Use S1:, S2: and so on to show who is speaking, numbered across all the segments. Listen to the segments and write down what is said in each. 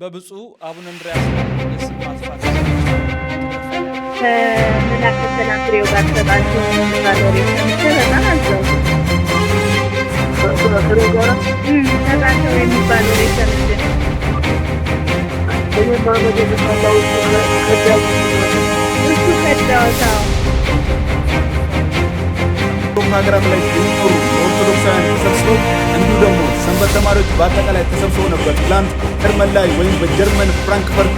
S1: በብፁዕ አቡነ እንድርያስ
S2: ሀገራት ላይ ኦርቶዶክሳውያን
S1: ተሰብስበው እንዲሁ ደግሞ ሰንበት ተማሪዎች በአጠቃላይ ተሰብስበው ነበር። ትላንት ጀርመን ላይ ወይም በጀርመን ፍራንክፈርት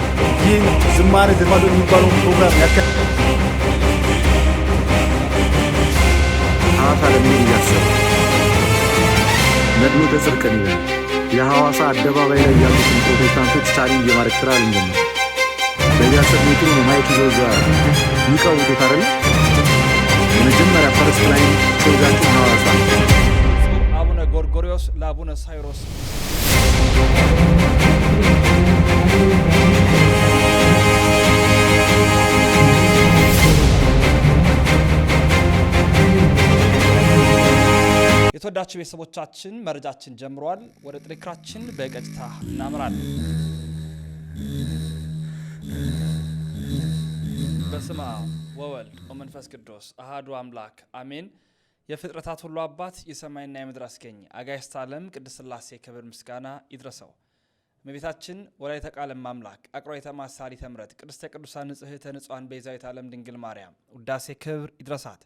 S1: ይህን ዝማሬ ዝማዶ የሚባለውን ፕሮግራም ያካ ዓለምን እያሰቡ መድሎ ተጽርቀን ይበል የሐዋሳ አደባባይ ላይ ያሉትን ፕሮቴስታንቶች ታሪክ የማድረግ ስራ ልንጀምር በያሰብ ሜትሩ ማይክ ዞዛ ይቀው ውጤት አደለ የመጀመሪያ ፈረስት ላይ ተወዛችሁ ሐዋሳ ሳይሮስ ለአቡነ ሳይሮስ የተወዳችሁ ቤተሰቦቻችን መረጃችን ጀምሯል። ወደ ጥንክራችን በቀጥታ እናምራለን። በስመ አብ ወወልድ ወመንፈስ ቅዱስ አሃዱ አምላክ አሜን። የፍጥረታት ሁሉ አባት የሰማይና የምድር አስገኝ አጋዕዝተ ዓለም ቅድስት ሥላሴ ክብር ምስጋና ይድረሰው። እመቤታችን ወላዲተ ቃል አምላክ አቅሯዊተ ማሳሊተ ምሕረት ቅድስተ ቅዱሳን ንጽሕተ ንጹሐን ቤዛዊተ ዓለም ድንግል ማርያም ውዳሴ ክብር ይድረሳት።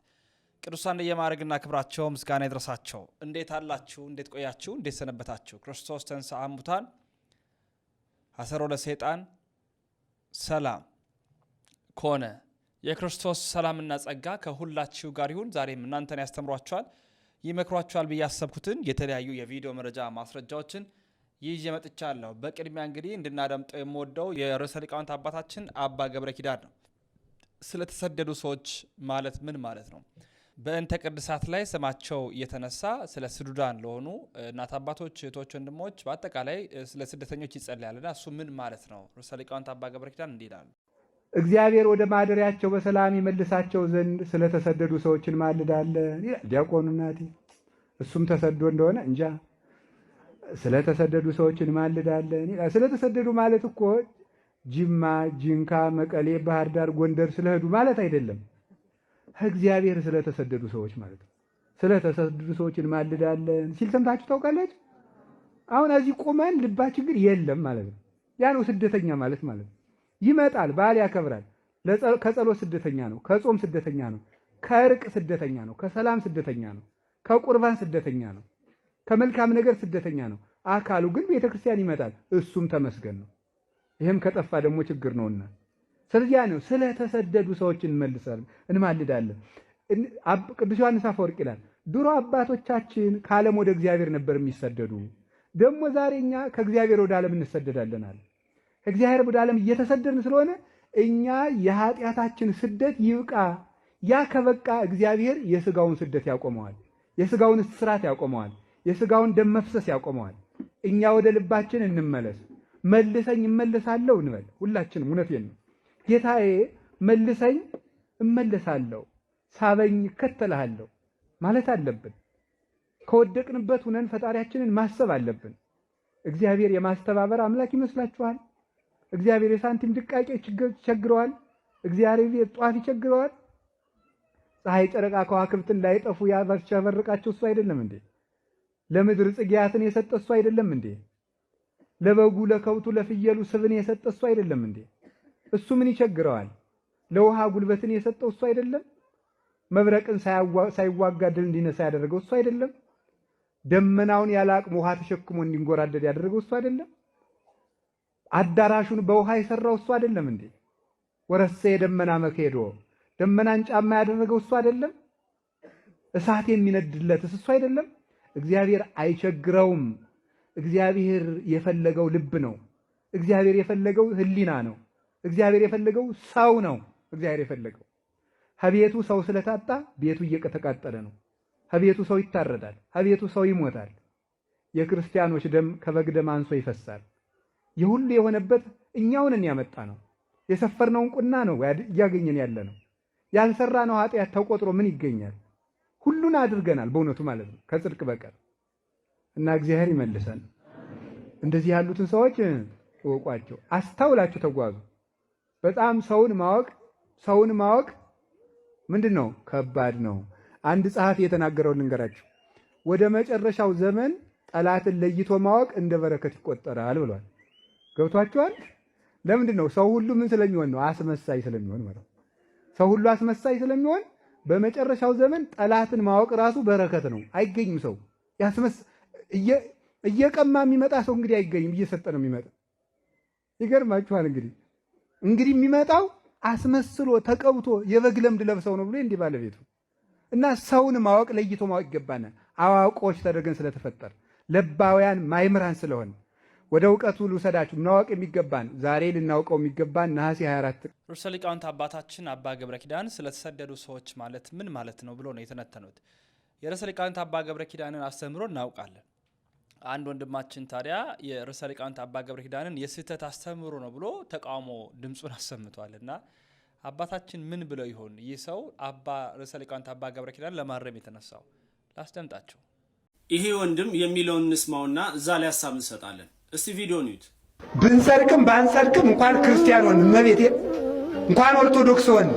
S1: ቅዱሳን የማዕረግና ክብራቸው ምስጋና ይድረሳቸው። እንዴት አላችሁ? እንዴት ቆያችሁ? እንዴት ሰነበታችሁ? ክርስቶስ ተንሥአ እሙታን አሰሮ ለሰይጣን ሰላም ኮነ የክርስቶስ ሰላምና ጸጋ ከሁላችሁ ጋር ይሁን። ዛሬም እናንተን ያስተምሯችኋል፣ ይመክሯችኋል ብዬ ያሰብኩትን የተለያዩ የቪዲዮ መረጃ ማስረጃዎችን ይዤ መጥቻለሁ። በቅድሚያ እንግዲህ እንድናደምጠው የምወደው የርዕሰ ሊቃውንት አባታችን አባ ገብረ ኪዳን ነው። ስለተሰደዱ ሰዎች ማለት ምን ማለት ነው? በእንተ ቅድሳት ላይ ስማቸው እየተነሳ ስለ ስዱዳን ለሆኑ እናት አባቶች፣ እህቶች፣ ወንድሞች በአጠቃላይ ስለ ስደተኞች ይጸልያልና እሱ ምን ማለት ነው? ርዕሰ ሊቃውንት አባ ገብረ ኪዳን እንዲህ ይላሉ። እግዚአብሔር ወደ ማደሪያቸው በሰላም ይመልሳቸው ዘንድ ስለተሰደዱ ሰዎችን ማልዳለን ይላል ዲያቆኑ ናቴ እሱም ተሰዶ እንደሆነ እንጃ። ስለተሰደዱ ሰዎችን ማልዳለን ይላል። ስለተሰደዱ ማለት እኮ ጅማ፣ ጅንካ፣ መቀሌ፣ ባህር ዳር፣ ጎንደር ስለሄዱ ማለት አይደለም። እግዚአብሔር ስለተሰደዱ ሰዎች ማለት ነው። ስለተሰደዱ ሰዎችን ማልዳለን ሲል ሰምታችሁ ታውቃላችሁ? አሁን እዚህ ቁመን ልባችን ግን የለም ማለት ነው። ያ ነው ስደተኛ ማለት ማለት ነው። ይመጣል፣ በዓል ያከብራል። ከጸሎት ስደተኛ ነው፣ ከጾም ስደተኛ ነው፣ ከእርቅ ስደተኛ ነው፣ ከሰላም ስደተኛ ነው፣ ከቁርባን ስደተኛ ነው፣ ከመልካም ነገር ስደተኛ ነው። አካሉ ግን ቤተክርስቲያን ይመጣል፣ እሱም ተመስገን ነው። ይህም ከጠፋ ደግሞ ችግር ነውና ስለዚያ ነው ስለተሰደዱ ሰዎች እንመልሳል እንማልዳለን። ቅዱስ ዮሐንስ አፈወርቅ ይላል ድሮ አባቶቻችን ከዓለም ወደ እግዚአብሔር ነበር የሚሰደዱ፣ ደግሞ ዛሬ እኛ ከእግዚአብሔር ወደ ዓለም አለ። እግዚአብሔር ወደ ዓለም እየተሰደድን ስለሆነ እኛ የኃጢአታችን ስደት ይብቃ። ያ ከበቃ እግዚአብሔር የስጋውን ስደት ያቆመዋል፣ የስጋውን እስራት ያቆመዋል፣ የስጋውን ደም መፍሰስ ያቆመዋል። እኛ ወደ ልባችን እንመለስ። መልሰኝ እመለሳለሁ እንበል ሁላችንም። እውነቴን ነው ጌታዬ፣ መልሰኝ እመለሳለሁ፣ ሳበኝ እከተልሃለሁ ማለት አለብን። ከወደቅንበት ሁነን ፈጣሪያችንን ማሰብ አለብን። እግዚአብሔር የማስተባበር አምላክ ይመስላችኋል? እግዚአብሔር የሳንቲም ድቃቄ ቸግረዋል። እግዚአብሔር ጧፍ ይቸግረዋል። ፀሐይ፣ ጨረቃ፣ ከዋክብት እንዳይጠፉ ያበርቃቸው እሱ አይደለም እንዴ? ለምድር ጽጌያትን የሰጠ እሱ አይደለም እንዴ? ለበጉ፣ ለከብቱ፣ ለፍየሉ ስብን የሰጠ እሱ አይደለም እንዴ? እሱ ምን ይቸግረዋል? ለውሃ ጉልበትን የሰጠው እሱ አይደለም? መብረቅን ሳይዋጋ ድል እንዲነሳ ያደረገው እሱ አይደለም? ደመናውን ያለ አቅሙ ውሃ ተሸክሞ እንዲንጎራደድ ያደረገው እሱ አይደለም? አዳራሹን በውሃ የሰራው እሱ አይደለም እንዴ? ወረሰ የደመና መክሄዶ ደመናን ጫማ ያደረገው እሱ አይደለም? እሳት የሚነድለት እሱ አይደለም? እግዚአብሔር አይቸግረውም። እግዚአብሔር የፈለገው ልብ ነው። እግዚአብሔር የፈለገው ህሊና ነው። እግዚአብሔር የፈለገው ሰው ነው። እግዚአብሔር የፈለገው ከቤቱ ሰው ስለታጣ ቤቱ እየተቃጠለ ነው። ከቤቱ ሰው ይታረዳል፣ ከቤቱ ሰው ይሞታል። የክርስቲያኖች ደም ከበግ ደም አንሶ ይፈሳል። የሁሉ የሆነበት እኛውንን ያመጣ ነው። የሰፈርነውን ቁና ነው እያገኘን ያለ ነው። ነው ኃጢአት ተቆጥሮ ምን ይገኛል? ሁሉን አድርገናል በእውነቱ ማለት ነው ከጽድቅ በቀር እና እግዚአብሔር ይመልሰን። እንደዚህ ያሉትን ሰዎች እወቋቸው፣ አስተውላቸው፣ ተጓዙ። በጣም ሰውን ማወቅ ሰውን ማወቅ ምንድን ነው ከባድ ነው። አንድ ጸሐፊ የተናገረው ልንገራችሁ። ወደ መጨረሻው ዘመን ጠላትን ለይቶ ማወቅ እንደ በረከት ይቆጠራል ብሏል። ገብቷቸዋል። ለምንድን ነው ሰው ሁሉ ምን ስለሚሆን ነው? አስመሳይ ስለሚሆን ማለት ነው። ሰው ሁሉ አስመሳይ ስለሚሆን በመጨረሻው ዘመን ጠላትን ማወቅ ራሱ በረከት ነው። አይገኝም። ሰው እየቀማ የሚመጣ ሰው እንግዲህ አይገኝም። እየሰጠ ነው የሚመጣ። ይገርማችኋል። እንግዲህ እንግዲህ የሚመጣው አስመስሎ ተቀብቶ የበግ ለምድ ለብሰው ነው ብሎ እንዲህ ባለቤቱ እና ሰውን ማወቅ ለይቶ ማወቅ ይገባናል። አዋቆች ተደርገን ስለተፈጠር ለባውያን ማይምራን ስለሆን ወደ እውቀቱ ልውሰዳችሁ። ማወቅ የሚገባን ዛሬ ልናውቀው የሚገባን ነሐሴ 24 ርዕሰ ሊቃውንት አባታችን አባ ገብረ ኪዳን ስለተሰደዱ ሰዎች ማለት ምን ማለት ነው ብሎ ነው የተነተኑት። የርዕሰ ሊቃውንት አባ ገብረ ኪዳንን አስተምሮ እናውቃለን። አንድ ወንድማችን ታዲያ የርዕሰ ሊቃውንት አባ ገብረ ኪዳንን የስህተት አስተምሮ ነው ብሎ ተቃውሞ ድምፁን አሰምቷል እና አባታችን ምን ብለው ይሆን ይህ ሰው አባ ርዕሰ ሊቃውንት አባ ገብረ ኪዳን ለማረም የተነሳው? ላስደምጣቸው። ይሄ ወንድም የሚለውን እንስማውና እዛ ላይ ሀሳብ እንሰጣለን። እስቲ ቪዲዮ ኒት ብንሰርቅም ባንሰርቅም እንኳን ክርስቲያን ሆን መቤቴ እንኳን ኦርቶዶክስ ሆን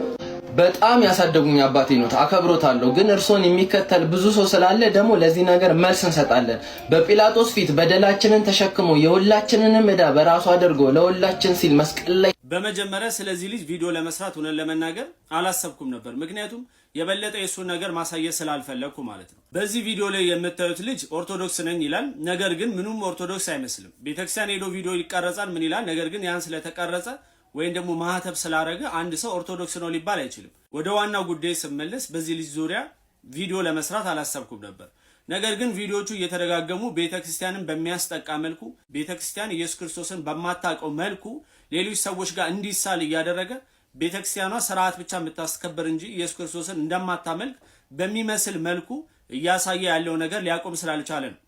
S1: በጣም ያሳደጉኝ አባቴ ነው። አከብሮታለሁ። ግን እርሶን የሚከተል ብዙ ሰው ስላለ ደግሞ ለዚህ ነገር መልስ እንሰጣለን። በጲላጦስ ፊት በደላችንን ተሸክሞ የሁላችንንም ዕዳ በራሱ አድርጎ ለሁላችን ሲል መስቀል ላይ በመጀመሪያ ስለዚህ ልጅ ቪዲዮ ለመስራት ሆነን ለመናገር አላሰብኩም ነበር ምክንያቱም የበለጠ የእሱን ነገር ማሳየት ስላልፈለግኩ ማለት ነው። በዚህ ቪዲዮ ላይ የምታዩት ልጅ ኦርቶዶክስ ነኝ ይላል። ነገር ግን ምኑም ኦርቶዶክስ አይመስልም። ቤተክርስቲያን ሄዶ ቪዲዮ ይቀረጻል፣ ምን ይላል። ነገር ግን ያን ስለተቀረጸ ወይም ደግሞ ማህተብ ስላረገ አንድ ሰው ኦርቶዶክስ ነው ሊባል አይችልም። ወደ ዋናው ጉዳይ ስመለስ በዚህ ልጅ ዙሪያ ቪዲዮ ለመስራት አላሰብኩም ነበር። ነገር ግን ቪዲዮቹ እየተደጋገሙ ቤተክርስቲያንን በሚያስጠቃ መልኩ ቤተክርስቲያን ኢየሱስ ክርስቶስን በማታውቀው መልኩ ሌሎች ሰዎች ጋር እንዲሳል እያደረገ ቤተክርስቲያኗ ስርዓት ብቻ የምታስከበር እንጂ ኢየሱስ ክርስቶስን እንደማታመልክ በሚመስል መልኩ እያሳየ ያለው ነገር ሊያቆም ስላልቻለ ነው።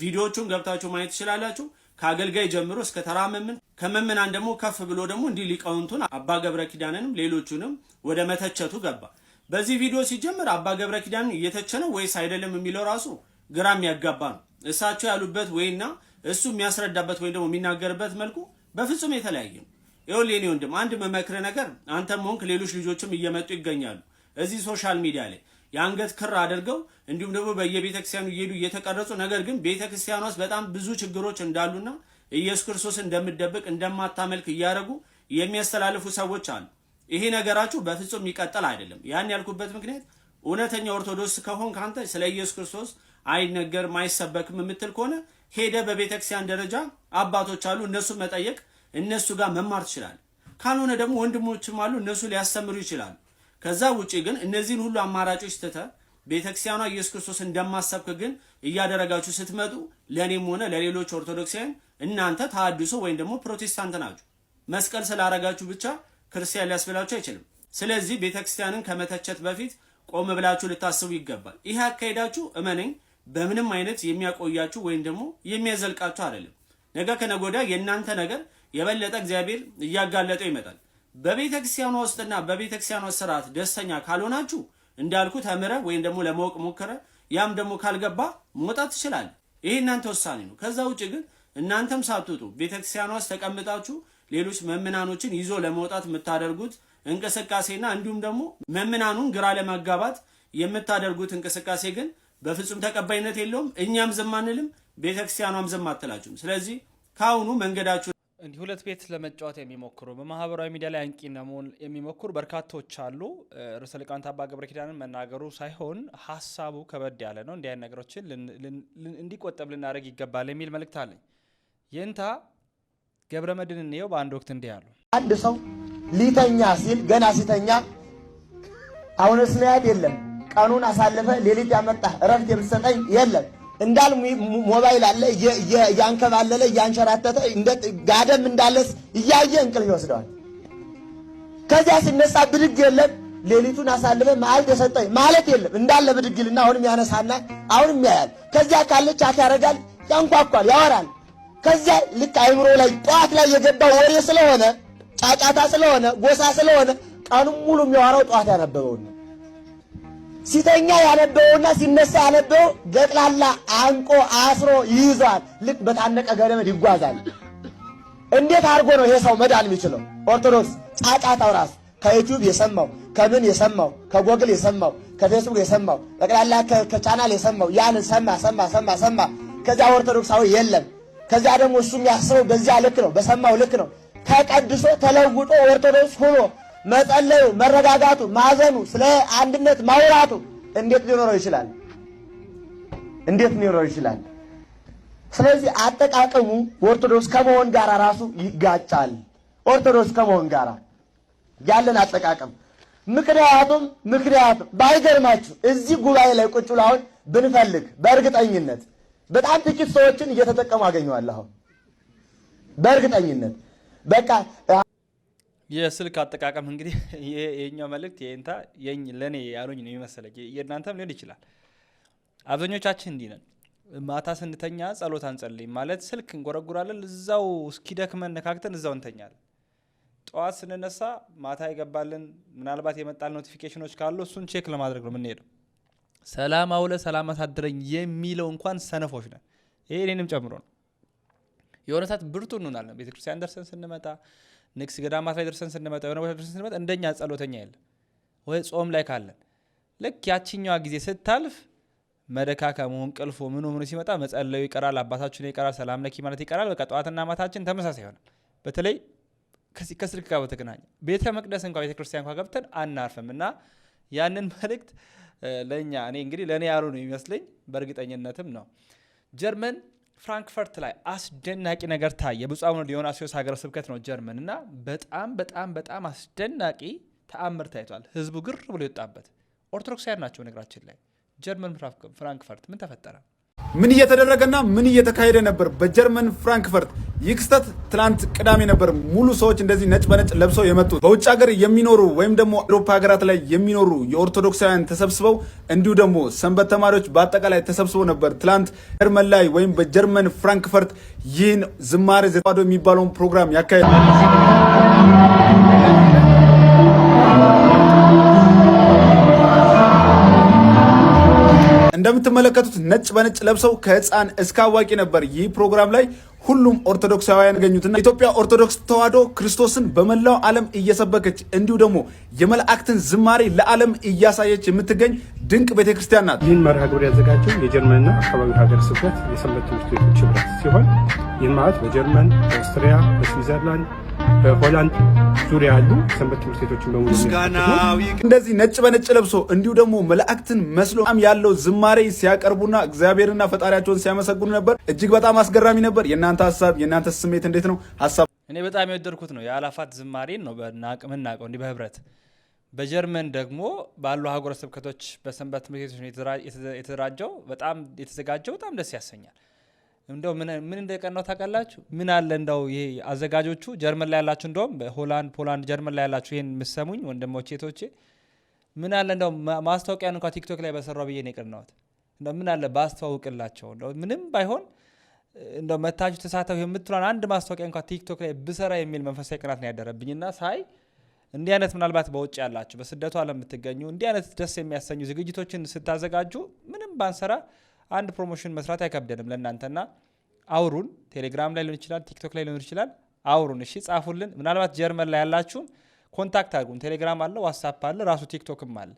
S1: ቪዲዮዎቹን ገብታችሁ ማየት ትችላላችሁ። ከአገልጋይ ጀምሮ እስከ መምን ከመምናን ደግሞ ከፍ ብሎ ደግሞ እንዲህ ሊቃውንቱን አባ ገብረ ኪዳንንም ሌሎቹንም ወደ መተቸቱ ገባ። በዚህ ቪዲዮ ሲጀምር አባ ገብረ ኪዳንን እየተቸ ነው ወይስ አይደለም የሚለው ራሱ ግራ የሚያጋባ ነው። እሳቸው ያሉበት ወይና እሱ የሚያስረዳበት ወይም ደግሞ የሚናገርበት መልኩ በፍጹም የተለያየ ነው። ይኸውልህ የኔ ወንድም አንድ መመክርህ ነገር አንተም ሆንክ ሌሎች ልጆችም እየመጡ ይገኛሉ እዚህ ሶሻል ሚዲያ ላይ የአንገት ክር አድርገው እንዲሁም ደግሞ በየቤተክርስቲያኑ እየሄዱ እየተቀረጹ ነገር ግን ቤተክርስቲያኗ ውስጥ በጣም ብዙ ችግሮች እንዳሉና ኢየሱስ ክርስቶስ እንደምደብቅ እንደማታመልክ እያደረጉ የሚያስተላልፉ ሰዎች አሉ። ይሄ ነገራችሁ በፍጹም የሚቀጥል አይደለም። ያን ያልኩበት ምክንያት እውነተኛ ኦርቶዶክስ ከሆንክ አንተ ስለ ኢየሱስ ክርስቶስ አይነገርም አይሰበክም የምትል ከሆነ ሄደ በቤተክርስቲያን ደረጃ አባቶች አሉ እነሱ መጠየቅ እነሱ ጋር መማር ትችላል። ካልሆነ ደግሞ ወንድሞችም አሉ እነሱ ሊያስተምሩ ይችላሉ። ከዛ ውጪ ግን እነዚህን ሁሉ አማራጮች ትተ ቤተክርስቲያኗ ኢየሱስ ክርስቶስ እንደማሰብክ ግን እያደረጋችሁ ስትመጡ ለእኔም ሆነ ለሌሎች ኦርቶዶክሳውያን እናንተ ተሐድሶ ወይም ደግሞ ፕሮቴስታንት ናችሁ። መስቀል ስላረጋችሁ ብቻ ክርስቲያን ሊያስብላችሁ አይችልም። ስለዚህ ቤተክርስቲያንን ከመተቸት በፊት ቆም ብላችሁ ልታስቡ ይገባል። ይህ አካሄዳችሁ እመነኝ በምንም አይነት የሚያቆያችሁ ወይም ደግሞ የሚያዘልቃችሁ አይደለም። ነገ ከነገ ወዲያ የእናንተ ነገር የበለጠ እግዚአብሔር እያጋለጠው ይመጣል። በቤተክርስቲያኗ ውስጥና በቤተክርስቲያኗ ስርዓት ደስተኛ ካልሆናችሁ እንዳልኩ ተምረ ወይም ደግሞ ለማወቅ ሞክረ ያም ደግሞ ካልገባ መውጣት ትችላለ። ይሄ እናንተ ውሳኔ ነው። ከዛ ውጭ ግን እናንተም ሳትወጡ ቤተክርስቲያኗ ውስጥ ተቀምጣችሁ ሌሎች መምናኖችን ይዞ ለመውጣት የምታደርጉት እንቅስቃሴና እንዲሁም ደግሞ መምናኑን ግራ ለማጋባት የምታደርጉት እንቅስቃሴ ግን በፍጹም ተቀባይነት የለውም። እኛም ዝም አንልም፣ ቤተክርስቲያኗም ዝም አትላችሁም። ስለዚህ ከአሁኑ መንገዳችሁ እንዲህ ሁለት ቤት ለመጫወት የሚሞክሩ በማህበራዊ ሚዲያ ላይ አንቂ ለመሆን የሚሞክሩ በርካቶች አሉ። ርዕሰ ሊቃውንት አባ ገብረ ኪዳንን መናገሩ ሳይሆን ሀሳቡ ከበድ ያለ ነው። እንዲህ አይነት ነገሮችን እንዲቆጠብ ልናደርግ ይገባል የሚል መልእክት አለኝ። ይህንታ ገብረ መድን እንየው በአንድ ወቅት እንዲህ አሉ። አንድ ሰው ሊተኛ ሲል ገና ሲተኛ አሁንስ መያድ የለም ቀኑን አሳልፈ ሌሊት ያመጣ እረፍት የምትሰጠኝ የለም እንዳል ሞባይል አለ እያንከባለለ እያንሸራተተ ጋደም እንዳለስ እያየ እንቅልፍ ይወስደዋል። ከዚያ ሲነሳ ብድግ የለም። ሌሊቱን አሳልፈ መዓል ተሰጠኝ ማለት የለም። እንዳለ ብድግልና አሁንም ያነሳና አሁንም ያያል። ከዚያ ካለች አት ያደርጋል፣ ያንኳኳል፣ ያወራል። ከዚያ ልክ አይምሮ ላይ ጠዋት ላይ የገባው ወሬ ስለሆነ ጫጫታ ስለሆነ ጎሳ ስለሆነ ቀኑን ሙሉ የሚያወራው ጠዋት ያነበበውን ሲተኛ ያነበውና ሲነሳ ያነበው ገጥላላ አንቆ አስሮ ይይዟል። ልክ በታነቀ ገረመድ ይጓዛል። እንዴት አድርጎ ነው ይሄ ሰው መዳን የሚችለው? ኦርቶዶክስ ጫጫታው ራሱ ከዩቲዩብ የሰማው ከምን የሰማው ከጎግል የሰማው ከፌስቡክ የሰማው ጠቅላላ ከቻናል የሰማው ያንን ሰማ ሰማ ሰማ ሰማ። ከዚያ ኦርቶዶክሳዊ የለም። ከዚያ ደግሞ እሱ የሚያስበው በዚያ ልክ ነው፣ በሰማው ልክ ነው። ተቀድሶ ተለውጦ ኦርቶዶክስ ሆኖ መጸለዩ፣ መረጋጋቱ፣ ማዘኑ፣ ስለ አንድነት ማውራቱ እንዴት ሊኖረው ይችላል? እንዴት ሊኖረው ይችላል? ስለዚህ አጠቃቀሙ ኦርቶዶክስ ከመሆን ጋር ራሱ ይጋጫል። ኦርቶዶክስ ከመሆን ጋር ያለን አጠቃቀም ምክንያቱም ምክንያቱም ባይገርማችሁ እዚህ ጉባኤ ላይ ቁጭ ብሎ አሁን ብንፈልግ በእርግጠኝነት በጣም ጥቂት ሰዎችን እየተጠቀሙ አገኘዋለሁ። በእርግጠኝነት በቃ የስልክ አጠቃቀም እንግዲህ የኛው መልእክት የእንታ ለእኔ ያሉኝ ነው የሚመስለኝ፣ የእናንተም ሊሆን ይችላል። አብዛኞቻችን እንዲህ ነን። ማታ ስንተኛ ጸሎት አንጸልይም፣ ማለት ስልክ እንጎረጉራለን፣ እዛው እስኪደክመን ነካክተን እዛው እንተኛለን። ጠዋት ስንነሳ ማታ ይገባልን ምናልባት የመጣል ኖቲፊኬሽኖች ካሉ እሱን ቼክ ለማድረግ ነው የምንሄደው። ሰላም አውለ ሰላም አሳድረኝ የሚለው እንኳን ሰነፎች ነን። ይሄ እኔንም ጨምሮ ነው። የሆነ ሰዓት ብርቱ እንሆናለን። ቤተክርስቲያን ደርሰን ስንመጣ ንግስ ገዳማት ላይ ደርሰን ስንመጣ የሆነ ቦታ ደርሰን ስንመጣ እንደኛ ጸሎተኛ የለም ወይ ጾም ላይ ካለን ልክ ያችኛዋ ጊዜ ስታልፍ መደካከሙ እንቅልፉ ምኑ ምኑ ሲመጣ መጸለዩ ይቀራል፣ አባታችን ይቀራል፣ ሰላም ለኪ ማለት ይቀራል። በቃ ጠዋትና ማታችን ተመሳሳይ ይሆናል። በተለይ ከስልክ ጋር በተገናኘ ቤተ መቅደስ እንኳ ቤተ ክርስቲያን እንኳ ገብተን አናርፍም እና ያንን መልእክት ለእኛ እኔ እንግዲህ ለእኔ ያሉ ነው የሚመስለኝ በእርግጠኝነትም ነው ጀርመን ፍራንክፈርት ላይ አስደናቂ ነገር ታየ። ብፁዕ አቡነ ዲዮናስዮስ ሀገረ ስብከት ነው ጀርመን እና በጣም በጣም በጣም አስደናቂ ተአምር ታይቷል። ህዝቡ ግር ብሎ የወጣበት ኦርቶዶክሳውያን ናቸው። ነገራችን ላይ ጀርመን ፍራንክፈርት ምን ተፈጠረ? ምን እየተደረገና ምን እየተካሄደ ነበር በጀርመን ፍራንክፈርት? ይህ ክስተት ትናንት ቅዳሜ ነበር። ሙሉ ሰዎች እንደዚህ ነጭ በነጭ ለብሰው የመጡት በውጭ ሀገር የሚኖሩ ወይም ደግሞ አውሮፓ ሀገራት ላይ የሚኖሩ የኦርቶዶክሳውያን ተሰብስበው እንዲሁ ደግሞ ሰንበት ተማሪዎች በአጠቃላይ ተሰብስበው ነበር ትላንት ጀርመን ላይ ወይም በጀርመን ፍራንክፈርት ይህን ዝማሬ ዘባዶ የሚባለውን ፕሮግራም ያካሄዱ እንደምትመለከቱት ነጭ በነጭ ለብሰው ከህፃን እስከ አዋቂ ነበር ይህ ፕሮግራም ላይ ሁሉም ኦርቶዶክሳውያን ያገኙትና ኢትዮጵያ ኦርቶዶክስ ተዋሕዶ ክርስቶስን በመላው ዓለም እየሰበከች እንዲሁ ደግሞ የመላእክትን ዝማሬ ለዓለም እያሳየች የምትገኝ ድንቅ ቤተክርስቲያን ናት። ይህን መርሃ ግብር ያዘጋጀው የጀርመንና አካባቢ ሀገር ስብከት የሰንበት ትምህርት ቤቶች ህብረት ሲሆን ይህን ማለት በጀርመን፣ በኦስትሪያ፣ በስዊዘርላንድ በሆላንድ ዙሪያ ያሉ ሰንበት ትምህርት ቤቶችን በሙሉ እንደዚህ ነጭ በነጭ ለብሶ እንዲሁ ደግሞ መላእክትን መስሎ ያለው ዝማሬ ሲያቀርቡና እግዚአብሔርና ፈጣሪያቸውን ሲያመሰግኑ ነበር። እጅግ በጣም አስገራሚ ነበር። የእናንተ ሀሳብ የእናንተ ስሜት እንዴት ነው? ሀሳብ እኔ በጣም የወደድኩት ነው። የአላፋት ዝማሬን ነው ምናቀው እንዲህ በህብረት በጀርመን ደግሞ ባሉ ሀገረ ስብከቶች በሰንበት ትምህርት ቤቶች የተደራጀው በጣም የተዘጋጀው በጣም ደስ ያሰኛል። እንደው ምን እንደቀናው ታውቃላችሁ? ምን አለ እንደው ይሄ አዘጋጆቹ ጀርመን ላይ ያላችሁ እንደውም ሆላንድ፣ ፖላንድ፣ ጀርመን ላይ ያላችሁ ይሄን የምትሰሙኝ ወንድሞቼ ቶቼ ምን አለ እንደው ማስታወቂያን እንኳ ቲክቶክ ላይ በሰራው ብዬ ነው የቀናሁት። እንደው ምን አለ ባስተዋውቅላቸው እንደው ምንም ባይሆን እንደው መታችሁ ተሳተፉ የምትሏን አንድ ማስታወቂያ እንኳ ቲክቶክ ላይ ብሰራ የሚል መንፈሳዊ ቅናት ነው ያደረብኝና ሳይ እንዲህ አይነት ምናልባት በውጭ ያላችሁ በስደቱ ዓለም የምትገኙ እንዲህ አይነት ደስ የሚያሰኙ ዝግጅቶችን ስታዘጋጁ ምንም ባንሰራ አንድ ፕሮሞሽን መስራት አይከብደንም ለእናንተና አውሩን። ቴሌግራም ላይ ሊሆን ይችላል፣ ቲክቶክ ላይ ሊሆን ይችላል። አውሩን፣ እሺ ጻፉልን። ምናልባት ጀርመን ላይ ያላችሁም ኮንታክት አድርጉን። ቴሌግራም አለ፣ ዋትሳፕ አለ፣ ራሱ ቲክቶክም አለ።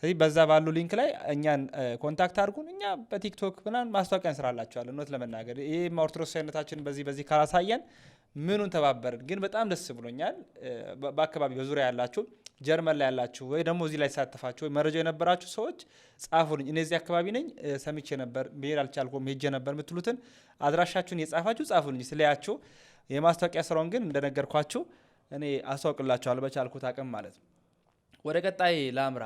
S1: ስለዚህ በዛ ባሉ ሊንክ ላይ እኛን ኮንታክት አድርጉን። እኛ በቲክቶክ ምናምን ማስታወቂያ እንስራላችኋለን። እውነት ለመናገር ይህ ኦርቶዶክሳዊነታችንን በዚህ በዚህ ካላሳየን ምኑን ተባበርን። ግን በጣም ደስ ብሎኛል። በአካባቢ በዙሪያ ያላችሁ ጀርመን ላይ ያላችሁ ወይ ደግሞ እዚህ ላይ ተሳተፋችሁ ወይ መረጃ የነበራችሁ ሰዎች ጻፉልኝ። እኔ እዚህ አካባቢ ነኝ፣ ሰምቼ ነበር፣ መሄድ አልቻልኩም፣ ሄጄ ነበር የምትሉትን አድራሻችሁን የጻፋችሁ ጻፉልኝ ስለያችሁ። የማስታወቂያ ስራውን ግን እንደነገርኳችሁ እኔ አስታውቅላችኋለሁ በቻልኩት አቅም ማለት ነው። ወደ ቀጣይ ላምራ።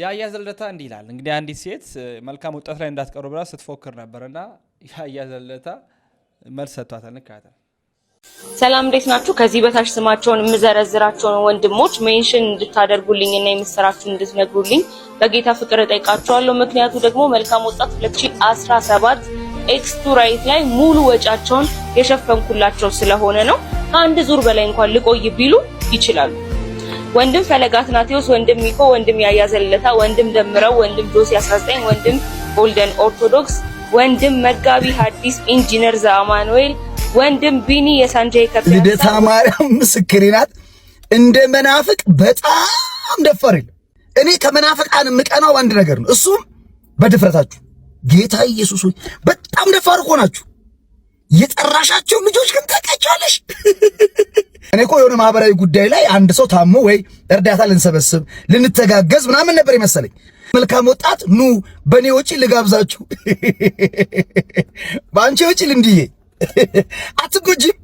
S1: የአያ ዘለለታ እንዲህ ይላል። እንግዲህ አንዲት ሴት መልካም ወጣት ላይ እንዳትቀሩ ብላ ስትፎክር ነበር እና የአያ ዘለለታ መልስ ሰጥቷታል። ሰላም እንዴት ናችሁ? ከዚህ በታች ስማቸውን የምዘረዝራቸውን ወንድሞች ሜንሽን እንድታደርጉልኝ እና የምስራችሁን እንድትነግሩልኝ በጌታ ፍቅር እጠይቃችኋለሁ። ምክንያቱ ደግሞ መልካም ወጣት 2017 ኤክስቱ ራይት ላይ ሙሉ ወጫቸውን የሸፈንኩላቸው ስለሆነ ነው። ከአንድ ዙር በላይ እንኳን ልቆይ ቢሉ ይችላሉ። ወንድም ፈለጋት ናቴዎስ፣ ወንድም ሚኮ፣ ወንድም ያያ ዘለታ፣ ወንድም ደምረው፣ ወንድም ጆሲ 19፣ ወንድም ጎልደን ኦርቶዶክስ፣ ወንድም መጋቢ ሐዲስ ኢንጂነር ዘአማኑኤል ወንድም ቢኒ የሳንጃዬ ከፍ ልደታ ማርያም ምስክሬ ናት። እንደ መናፍቅ በጣም ደፋር የለም። እኔ ከመናፍቃን የምቀናው አንድ ነገር ነው፣ እሱም በድፍረታችሁ ጌታ ኢየሱስ ሆይ በጣም ደፋር እኮ ናችሁ። የጠራሻቸው ልጆች ግን ታውቂያቸዋለሽ። እኔ እኮ የሆነ ማህበራዊ ጉዳይ ላይ አንድ ሰው ታሞ ወይ እርዳታ ልንሰበስብ ልንተጋገዝ ምናምን ነበር የመሰለኝ። መልካም ወጣት ኑ፣ በእኔ ወጪ ልጋብዛችሁ፣ በአንቺ ወጪ ልንድዬ አትጎጂም።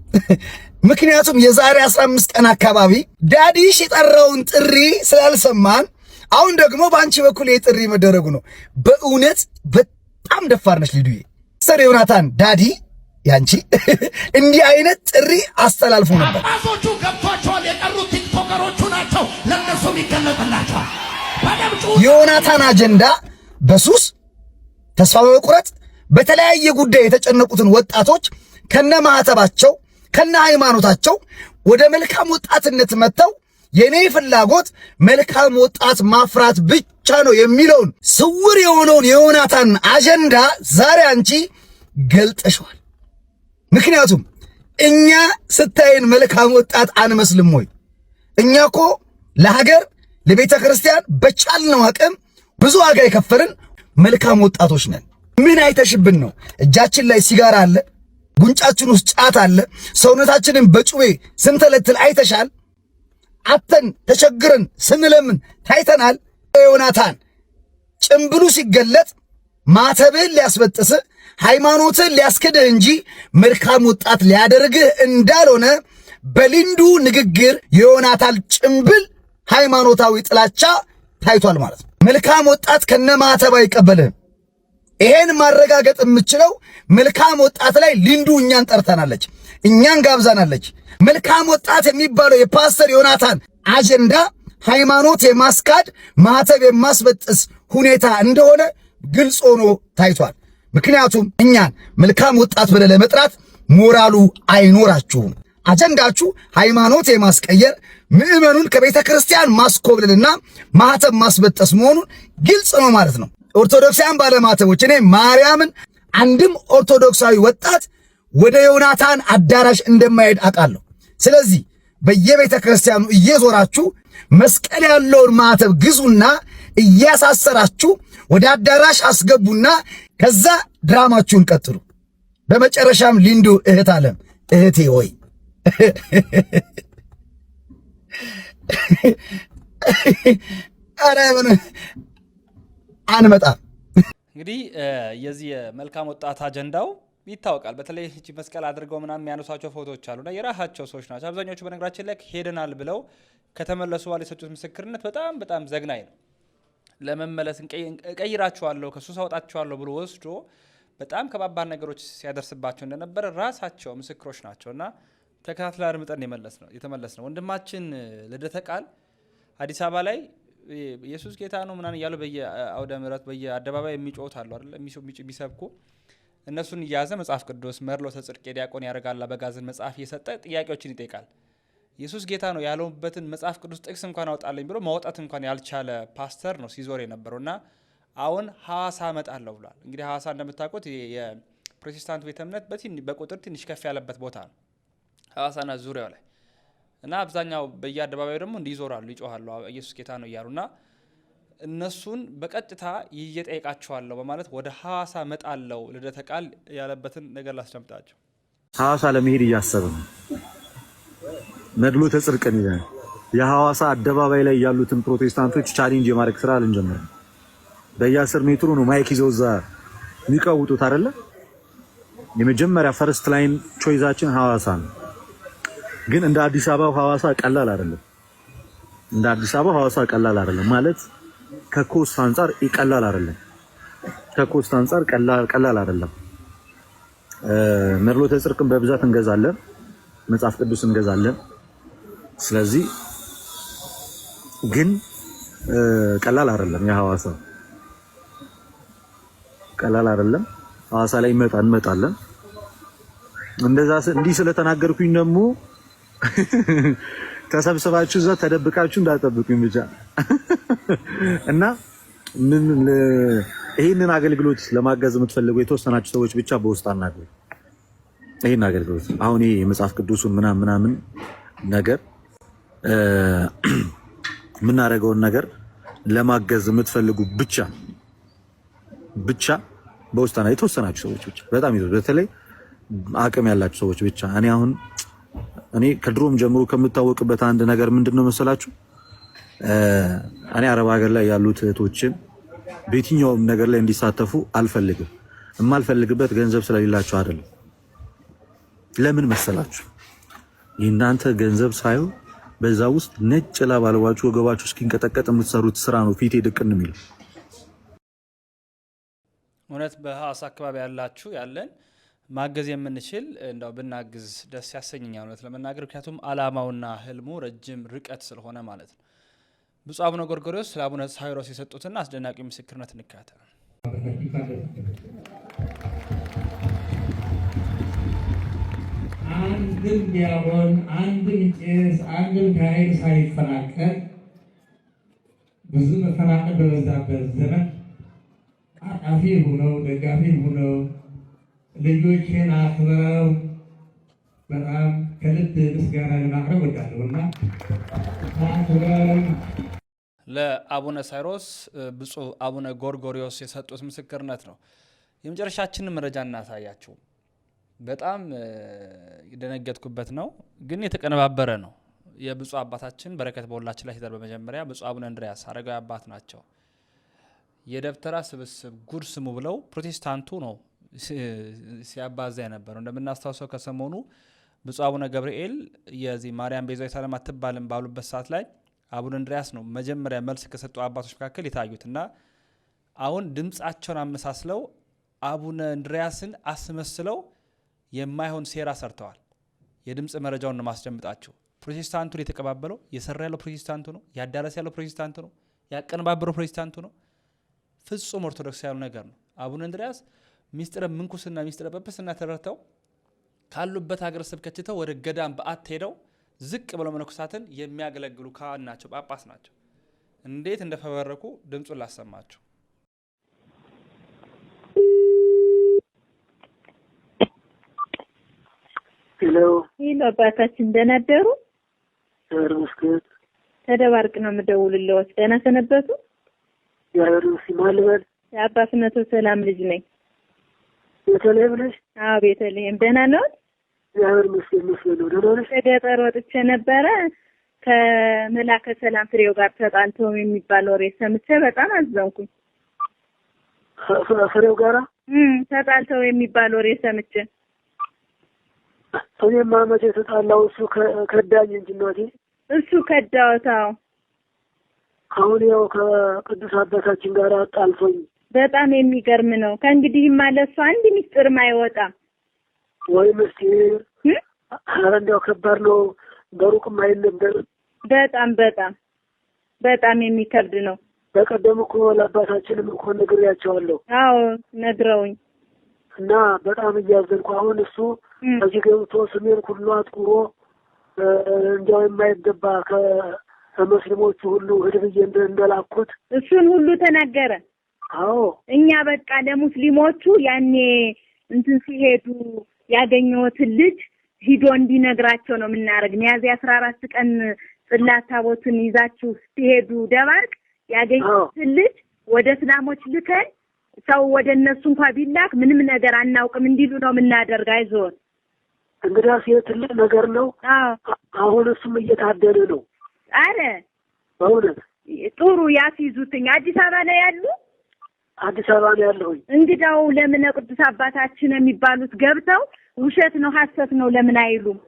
S1: ምክንያቱም የዛሬ 15 ቀን አካባቢ ዳዲሽ የጠራውን ጥሪ ስላልሰማን አሁን ደግሞ በአንቺ በኩል ይህ መደረጉ ነው። በእውነት በጣም ደፋር ነች ልዱዬ። ሰር ዮናታን ዳዲ ያንቺ እንዲህ አይነት ጥሪ አስተላልፎ ነበር። አባቶቹ ገብቷቸዋል። የቀሩት ቲክቶከሮቹ ናቸው። ለእነሱም ይገለጥላቸዋል። ዮናታን አጀንዳ በሱስ ተስፋ በመቁረጥ በተለያየ ጉዳይ የተጨነቁትን ወጣቶች ከነ ማህተባቸው ከነ ሃይማኖታቸው ወደ መልካም ወጣትነት መጥተው የኔ ፍላጎት መልካም ወጣት ማፍራት ብቻ ነው የሚለውን ስውር የሆነውን የዮናታን አጀንዳ ዛሬ አንቺ ገልጠሸዋል። ምክንያቱም እኛ ስታይን መልካም ወጣት አንመስልም ወይ? እኛ እኮ ለሀገር ለቤተ ክርስቲያን በቻልነው አቅም ብዙ ዋጋ የከፈልን መልካም ወጣቶች ነን። ምን አይተሽብን ነው? እጃችን ላይ ሲጋራ አለ፣ ጉንጫችን ውስጥ ጫት አለ፣ ሰውነታችንን በጩቤ ስንተለትል አይተሻል። አተን ተቸግረን ስንለምን ታይተናል። ዮናታን ጭምብሉ ሲገለጥ ማተብህን ሊያስበጥስ ሃይማኖትን ሊያስክድህ እንጂ መልካም ወጣት ሊያደርግህ እንዳልሆነ በሊንዱ ንግግር የዮናታን ጭምብል ሃይማኖታዊ ጥላቻ ታይቷል ማለት ነው። መልካም ወጣት ከነ ከነማተብ አይቀበልህም። ይሄን ማረጋገጥ የምችለው መልካም ወጣት ላይ ሊንዱ እኛን ጠርተናለች፣ እኛን ጋብዛናለች። መልካም ወጣት የሚባለው የፓስተር ዮናታን አጀንዳ ሃይማኖት የማስካድ ማህተብ የማስበጥስ ሁኔታ እንደሆነ ግልጽ ሆኖ ታይቷል። ምክንያቱም እኛን መልካም ወጣት ብለ ለመጥራት ሞራሉ አይኖራችሁም። አጀንዳችሁ ሃይማኖት የማስቀየር ምዕመኑን ከቤተ ክርስቲያን ማስኮብለልና ማህተብ ማስበጠስ መሆኑን ግልጽ ነው ማለት ነው። ኦርቶዶክሳውያን ባለማተቦች እኔ ማርያምን አንድም ኦርቶዶክሳዊ ወጣት ወደ ዮናታን አዳራሽ እንደማይሄድ አውቃለሁ። ስለዚህ በየቤተ ክርስቲያኑ እየዞራችሁ መስቀል ያለውን ማተብ ግዙና እያሳሰራችሁ ወደ አዳራሽ አስገቡና ከዛ ድራማችሁን ቀጥሉ። በመጨረሻም ሊንዱ እህት አለም እህቴ ወይ አረ አንመጣ። እንግዲህ የዚህ የመልካም ወጣት አጀንዳው ይታወቃል። በተለይ እጅ መስቀል አድርገው ምናምን የሚያነሷቸው ፎቶዎች አሉና የራሳቸው ሰዎች ናቸው አብዛኛዎቹ። በነገራችን ላይ ሄደናል ብለው ከተመለሱ በኋላ የሰጡት ምስክርነት በጣም በጣም ዘግናኝ ነው። ለመመለስ እቀይራችኋለሁ ከሱስ አወጣችኋለሁ ብሎ ወስዶ በጣም ከባባድ ነገሮች ሲያደርስባቸው እንደነበረ ራሳቸው ምስክሮች ናቸው እና ተከታትላ አድምጠን የመለስ ነው የተመለስ ነው ወንድማችን ልደተ ቃል አዲስ አበባ ላይ ኢየሱስ ጌታ ነው ምናን እያሉ በየአውደ ምረት በየአደባባይ የሚጮት አሉ አለ የሚሰብኩ እነሱን እያያዘ መጽሐፍ ቅዱስ መርሎ ተጽድቅ ዲያቆን ያደርጋላ በጋዝን መጽሐፍ እየሰጠ ጥያቄዎችን ይጠይቃል። ኢየሱስ ጌታ ነው ያለውበትን መጽሐፍ ቅዱስ ጥቅስ እንኳን አውጣለኝ ብሎ ማውጣት እንኳን ያልቻለ ፓስተር ነው ሲዞር የነበረው እና አሁን ሐዋሳ እመጣለሁ ብሏል። እንግዲህ ሐዋሳ እንደምታውቁት የፕሮቴስታንት ቤተ እምነት በቁጥር ትንሽ ከፍ ያለበት ቦታ ነው ሐዋሳና ዙሪያው ላይ እና አብዛኛው በየአደባባዩ ደግሞ እንዲህ ይዞራሉ፣ ይጮኋሉ ኢየሱስ ጌታ ነው እያሉና እነሱን በቀጥታ ይየጠይቃቸዋለሁ በማለት ወደ ሐዋሳ መጣለው ልደተ ቃል ያለበትን ነገር ላስደምጣቸው። ሐዋሳ ለመሄድ እያሰብ ነው። መድሎ ተጽርቅን ይላል። የሐዋሳ አደባባይ ላይ ያሉትን ፕሮቴስታንቶች ቻሌንጅ የማድረግ ስራ አልንጀምር። ነው። በየአስር ሜትሩ ነው ማይክ ይዘው እዛ የሚቀውጡት አይደለ? የመጀመሪያ ፈርስት ላይን ቾይዛችን ሐዋሳ ነው። ግን እንደ አዲስ አበባ ሐዋሳ ቀላል አይደለም። እንደ አዲስ አበባ ሐዋሳ ቀላል አይደለም ማለት ከኮስት አንጻር ቀላል አይደለም። ከኮስት አንጻር ቀላል አይደለም። መርሎተ ጽድቅን በብዛት እንገዛለን፣ መጽሐፍ ቅዱስ እንገዛለን። ስለዚህ ግን ቀላል አይደለም። የሐዋሳ ቀላል አይደለም። ሐዋሳ ላይ እንመጣለን። እንደዛ እንዲህ ስለተናገርኩኝ ደግሞ ተሰብስባችሁ እዛ ተደብቃችሁ እንዳጠብቁኝ ብቻ እና ምን ይህንን አገልግሎት ለማገዝ የምትፈልጉ የተወሰናችሁ ሰዎች ብቻ በውስጥ አናግሩ። ይህን አገልግሎት አሁን ይሄ የመጽሐፍ ቅዱሱን ምናምን ምናምን ነገር የምናደርገውን ነገር ለማገዝ የምትፈልጉ ብቻ ብቻ በውስጥ የተወሰናችሁ ሰዎች ብቻ በጣም በተለይ አቅም ያላችሁ ሰዎች ብቻ እኔ አሁን እኔ ከድሮም ጀምሮ ከምታወቅበት አንድ ነገር ምንድን ነው መሰላችሁ? እኔ አረብ ሀገር ላይ ያሉት እህቶችን በየትኛውም ነገር ላይ እንዲሳተፉ አልፈልግም። የማልፈልግበት ገንዘብ ስለሌላቸው አይደለም። ለምን መሰላችሁ? የእናንተ ገንዘብ ሳይሆን በዛ ውስጥ ነጭ ላብ አልባችሁ ወገባችሁ እስኪንቀጠቀጥ የምትሰሩት ስራ ነው ፊቴ ድቅን የሚለው እውነት በሀዋሳ አካባቢ ያላችሁ ያለን ማገዝ የምንችል እንደው ብናግዝ ደስ ያሰኘኛል እውነት ለመናገር ምክንያቱም አላማውና ህልሙ ረጅም ርቀት ስለሆነ ማለት ነው። ብፁዕ አቡነ ጎርጎሪዎስ ስለ አቡነ ሳዊሮስ የሰጡትና አስደናቂ ምስክርነት እንካተል። አንድም ዲያቆን፣ አንድም ቄስ፣ አንድም ካህን ሳይፈናቀል ብዙ መፈናቀል በበዛበት ዘመን አቃፊ ሁነው ደጋፊ ሁነው ልጆቼን አክብረው በጣም ከልብ ምስጋና ለማቅረብ ወዳለሁ እና አክብረው ለአቡነ ሳይሮስ ብፁዕ አቡነ ጎርጎሪዎስ የሰጡት ምስክርነት ነው። የመጨረሻችንን መረጃ እናሳያችሁ። በጣም የደነገጥኩበት ነው፣ ግን የተቀነባበረ ነው። የብፁዕ አባታችን በረከት በሁላችን ላይ ሲደር በመጀመሪያ ብፁዕ አቡነ እንድርያስ አረጋዊ አባት ናቸው። የደብተራ ስብስብ ጉድ ስሙ ብለው ፕሮቴስታንቱ ነው ሲያባዛ የነበረው። እንደምናስታውሰው ከሰሞኑ ብፁዕ አቡነ ገብርኤል የዚህ ማርያም ቤዛዊት ዓለም አትባልም ባሉበት ሰዓት ላይ አቡነ እንድሪያስ ነው መጀመሪያ መልስ ከሰጡ አባቶች መካከል የታዩት እና አሁን ድምፃቸውን አመሳስለው አቡነ እንድሪያስን አስመስለው የማይሆን ሴራ ሰርተዋል። የድምፅ መረጃውን ነው ማስደምጣቸው። ፕሮቴስታንቱን የተቀባበለው የሰራ ያለው ፕሮቴስታንቱ ነው፣ ያዳረስ ያለው ፕሮቴስታንቱ ነው፣ ያቀነባበረው ፕሮቴስታንቱ ነው። ፍጹም ኦርቶዶክስ ያሉ ነገር ነው አቡነ እንድሪያስ ሚስጥረ ምንኩስና ሚስጥረ ጵጵስና ተረድተው ካሉበት ሀገረ ስብከት ትተው ወደ ገዳም በዓት ሄደው ዝቅ ብለው መነኮሳትን የሚያገለግሉ ካህን ናቸው፣ ጳጳስ ናቸው። እንዴት እንደፈበረኩ ድምፁን ላሰማችሁ። ይህ አባታችን ደህና አደሩ? ተደባርቅ ነው የምደውልልዎት። ደህና ሰነበቱ? አባ ፍኖተ ሰላም ልጅ ነኝ። ቤተልሔም ነሽ? አዎ ቤተልሔም። ደህና ነው? እግዚአብሔር ይመስገን ይመስገን ነው። ደህና ነሽ? ከገጠር ወጥቼ ነበረ ከመላከ ሰላም ፍሬው ጋር ተጣልተውም የሚባል ወሬ ሰምቼ በጣም አዘንኩኝ። ፍሬው ጋራ ተጣልተው የሚባል ወሬ ሰምቼ እኔ ማመት የተጣላው እሱ ከዳኝ እንጂ እናቴ እሱ ከዳወታው። አሁን ያው ከቅዱስ አባታችን ጋር አጣልፎኝ በጣም የሚገርም ነው። ማለት ሰው አንድ ሚስጥርም አይወጣም ወይ ምስጢር? ኧረ እንዲያው ከባድ ነው። በሩቅ አይል በጣም በጣም በጣም የሚከብድ ነው። በቀደም እኮ ለአባታችንም እኮ ነግሬያቸዋለሁ። አዎ ነግረውኝ እና በጣም እያዘንኩ አሁን እሱ እዚህ ገብቶ ስሜን ሁሉ አጥቁሮ እንዲያው የማይገባ ከሙስሊሞቹ ሁሉ ህድብዬ እንደላኩት እሱን ሁሉ ተናገረ። አዎ እኛ በቃ ለሙስሊሞቹ ያኔ እንትን ሲሄዱ ያገኘሁትን ልጅ ሂዶ እንዲነግራቸው ነው የምናደርግ። ሚያዝያ አስራ አራት ቀን ጽላት ታቦትን ይዛችሁ ሲሄዱ ደባርቅ ያገኘሁትን ልጅ ወደ እስላሞች ልከን ሰው ወደ እነሱ እንኳ ቢላክ ምንም ነገር አናውቅም እንዲሉ ነው የምናደርግ። አይዞን እንግዲያስ ይሄ ትልቅ ነገር ነው። አሁን እሱም እየታደደ ነው። አረ በእውነት ጥሩ ያስይዙትኝ። አዲስ አበባ ላይ ያሉት አዲስ አበባ ነው ያለሁኝ። እንግዳው ለምን ቅዱስ አባታችን የሚባሉት ገብተው ውሸት ነው ሀሰት ነው ለምን አይሉም?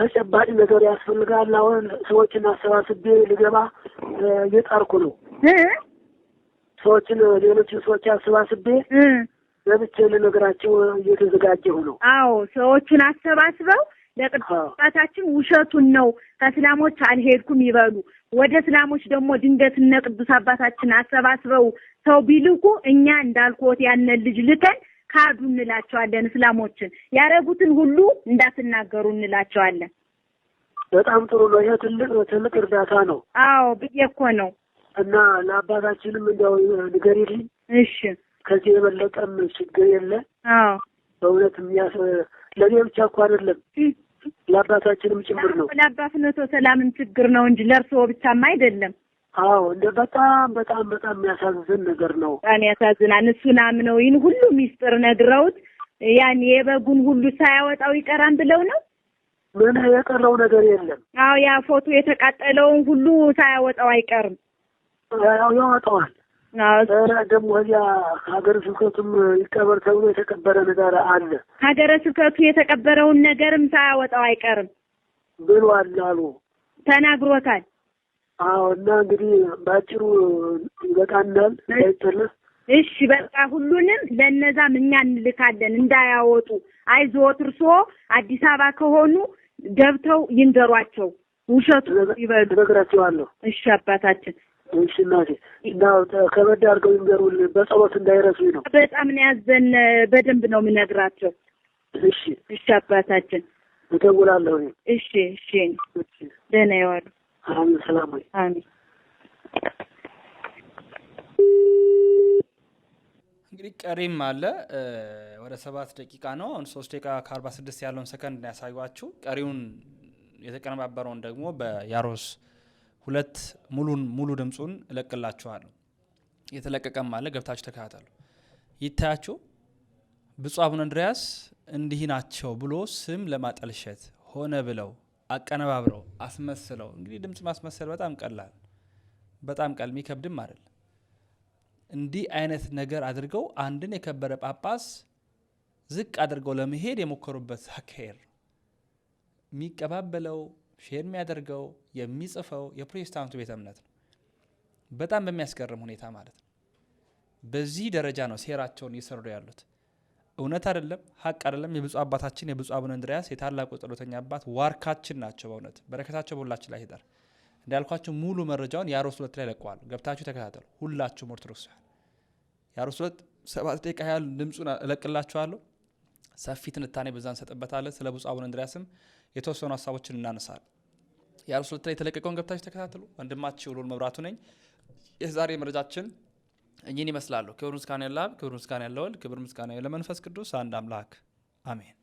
S1: ተጨባጭ ነገር ያስፈልጋል። አሁን ሰዎችን አሰባስቤ ልገባ እየጣርኩ ነው። ሰዎችን ሌሎችን ሰዎች አሰባስቤ ለብቻ ልነግራቸው እየተዘጋጀሁ ነው። አዎ ሰዎችን አሰባስበው ለቅዱስ አባታችን ውሸቱን ነው ከእስላሞች አልሄድኩም ይበሉ ወደ እስላሞች ደግሞ ድንገት እነ ቅዱስ አባታችን አሰባስበው ሰው ቢልኩ እኛ እንዳልኮት ያንን ልጅ ልከን ካዱ እንላቸዋለን። እስላሞችን ያረጉትን ሁሉ እንዳትናገሩ እንላቸዋለን። በጣም ጥሩ ነው። ይሄ ትልቅ ነው፣ ትልቅ እርዳታ ነው። አዎ ብዬ እኮ ነው። እና ለአባታችንም እንዲያው ንገሪልኝ። እሺ ከዚህ የበለጠም ችግር የለ። አዎ በእውነት ለእኔ ብቻ እኮ አይደለም ለአባታችንም ጭምር ነው። ለአባትነቶ ሰላምን ችግር ነው እንጂ ለእርስዎ ብቻም አይደለም። አዎ እንደ በጣም በጣም በጣም የሚያሳዝን ነገር ነው። በጣም ያሳዝናል። እሱን አምነው ይህን ሁሉ ሚስጥር ነግረውት ያን የበጉን ሁሉ ሳያወጣው ይቀራን ብለው ነው። ምን የቀረው ነገር የለም። አዎ ያ ፎቶ የተቃጠለውን ሁሉ ሳያወጣው አይቀርም። ያው ያወጣዋል ደግሞ ያ ሀገረ ስብከቱም ይቀበር ተብሎ የተቀበረ ነገር አለ። ሀገረ ስብከቱ የተቀበረውን ነገርም ሳያወጣው አይቀርም ብሏል አሉ ተናግሮታል። አዎ እና እንግዲህ በአጭሩ ይበቃናል። ይጥል እሺ፣ በቃ ሁሉንም ለእነዛም እኛ እንልካለን እንዳያወጡ። አይዞት እርሶ አዲስ አበባ ከሆኑ ገብተው ይንገሯቸው፣ ውሸቱ ይበሉ፣ ነግራቸዋለሁ። እሺ አባታችን እሺ እናቴ እና ከበድ አድርገው ይንገሩን፣ በጸሎት እንዳይረሱኝ ነው። በጣም ነው ያዘን። በደንብ ነው የምነግራቸው። እሺ እሺ፣ አባታችን እደውላለሁ። እሺ እሺ፣ ደህና ይዋሉ። አሜን። ሰላም ወይ? አሜን። እንግዲህ ቀሪም አለ ወደ ሰባት ደቂቃ ነው። አሁን ሶስት ደቂቃ ከአርባ ስድስት ያለውን ሰከንድ ያሳዩችሁ። ቀሪውን የተቀነባበረውን ደግሞ በያሮስ ሁለት ሙሉን ሙሉ ድምፁን እለቅላችኋለሁ። የተለቀቀም አለ ገብታችሁ ተከታተሉ። ይታያችሁ ብፁዕ አቡነ እንድርያስ እንዲህ ናቸው ብሎ ስም ለማጠልሸት ሆነ ብለው አቀነባብረው አስመስለው። እንግዲህ ድምፅ ማስመሰል በጣም ቀላል በጣም ቀል የሚከብድም አይደል። እንዲህ አይነት ነገር አድርገው አንድን የከበረ ጳጳስ ዝቅ አድርገው ለመሄድ የሞከሩበት አካሄድ የሚቀባበለው ሼር የሚያደርገው የሚጽፈው የፕሮቴስታንቱ ቤተ እምነት ነው። በጣም በሚያስገርም ሁኔታ ማለት ነው። በዚህ ደረጃ ነው ሴራቸውን እየሰሩ ያሉት። እውነት አይደለም፣ ሀቅ አይደለም። የብፁ አባታችን የብፁ አቡነ እንድሪያስ የታላቁ ጸሎተኛ አባት ዋርካችን ናቸው። በእውነት በረከታቸው በሁላችን ላይ ይደር። እንዳልኳቸው ሙሉ መረጃውን የአሮስ ሁለት ላይ ለቀዋል። ገብታችሁ ተከታተሉ። ሁላችሁም ኦርቶዶክስ ያል የአሮስ ሁለት ሰባት ደቂቃ ያህል ድምፁን እለቅላችኋለሁ። ሰፊ ትንታኔ በዛ እንሰጥበታለን። ስለ ብፁዕ አቡነ እንድርያስም የተወሰኑ ሀሳቦችን እናነሳል። የአርስ ሁለት ላይ የተለቀቀውን ገብታችሁ ተከታተሉ። ወንድማችሁ ሉል መብራቱ ነኝ። የዛሬ መረጃችን እኚህን ይመስላሉ። ክብር ምስጋና ለአብ፣ ክብር ምስጋና ለወልድ፣ ክብር ምስጋና ለመንፈስ ቅዱስ አንድ አምላክ አሜን።